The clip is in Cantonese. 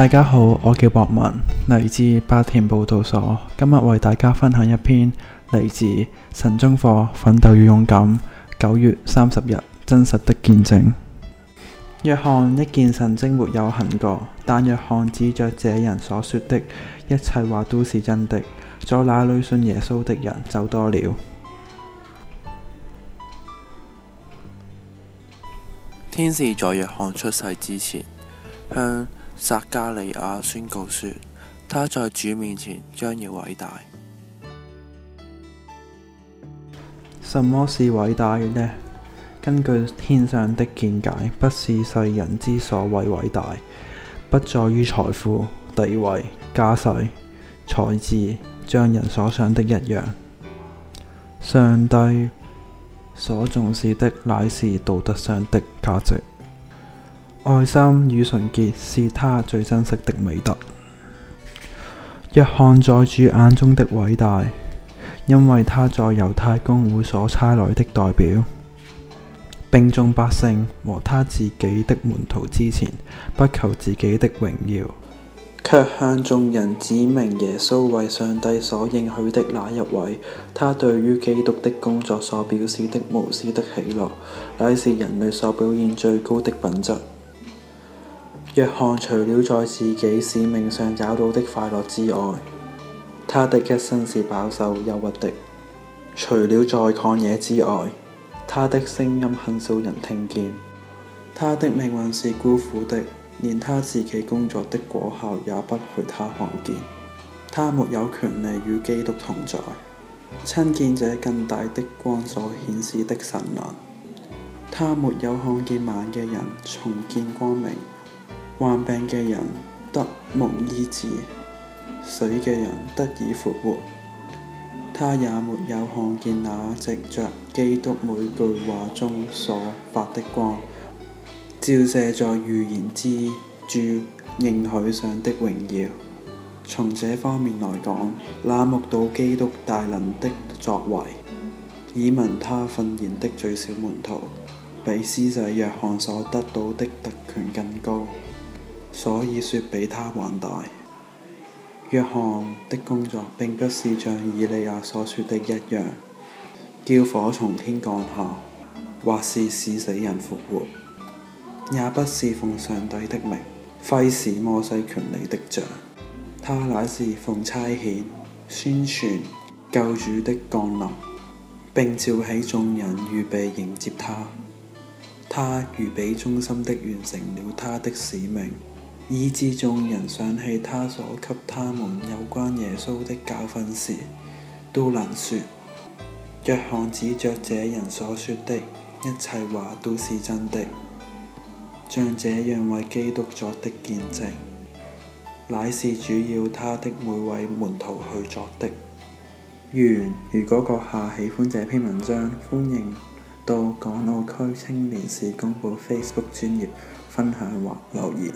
大家好，我叫博文，嚟自八田報道所。今日為大家分享一篇嚟自神中課奮鬥與勇敢九月三十日真實的見證。約翰一件神蹟沒有行過，但約翰指着這人所說的一切話都是真的。在那裏信耶穌的人就多了。天使在約翰出世之前向。嗯撒加利亞宣告說：他在主面前將要偉大。什麼是偉大呢？根據天上的見解，不是世人之所謂偉大，不在於財富、地位、家世、才智，像人所想的一樣。上帝所重視的，乃是道德上的價值。愛心與純潔是他最珍惜的美德。約翰在主眼中的偉大，因為他在猶太公會所差來的代表，並眾百姓和他自己的門徒之前，不求自己的榮耀，卻向眾人指明耶穌為上帝所應許的那一位。他對於基督的工作所表示的無私的喜樂，乃是人類所表現最高的品質。約翰除了在自己使命上找到的快樂之外，他的一生是飽受憂鬱的。除了在曠野之外，他的聲音很少人聽見。他的命運是孤苦的，連他自己工作的果效也不許他看見。他沒有權利與基督同在，親見這更大的光所顯示的神能。他沒有看見盲嘅人重見光明。患病嘅人得蒙醫治，死嘅人得以復活。他也沒有看見那藉着基督每句話中所發的光，照射在預言之柱應許上的榮耀。從這方面來講，那目睹基督大能的作為，耳聞他訓言的最小門徒，比施洗約翰所得到的特權更高。所以說比他還大。約翰的工作並不是像以利亞所說的一樣，叫火從天降下，或是使死，死人復活，也不是奉上帝的名，揮使摩西權利的像。他乃是奉差遣宣傳救主的降臨，並召起眾人預備迎接他。他預備忠心的完成了他的使命。以致眾人想起他所給他們有關耶穌的教訓時，都能説：約翰指著這人所說的一切話都是真的。像這樣為基督作的見證，乃是主要他的每位門徒去作的。完。如如果閣下喜歡這篇文章，歡迎到港澳區青年事工部 Facebook 專頁分享或留言。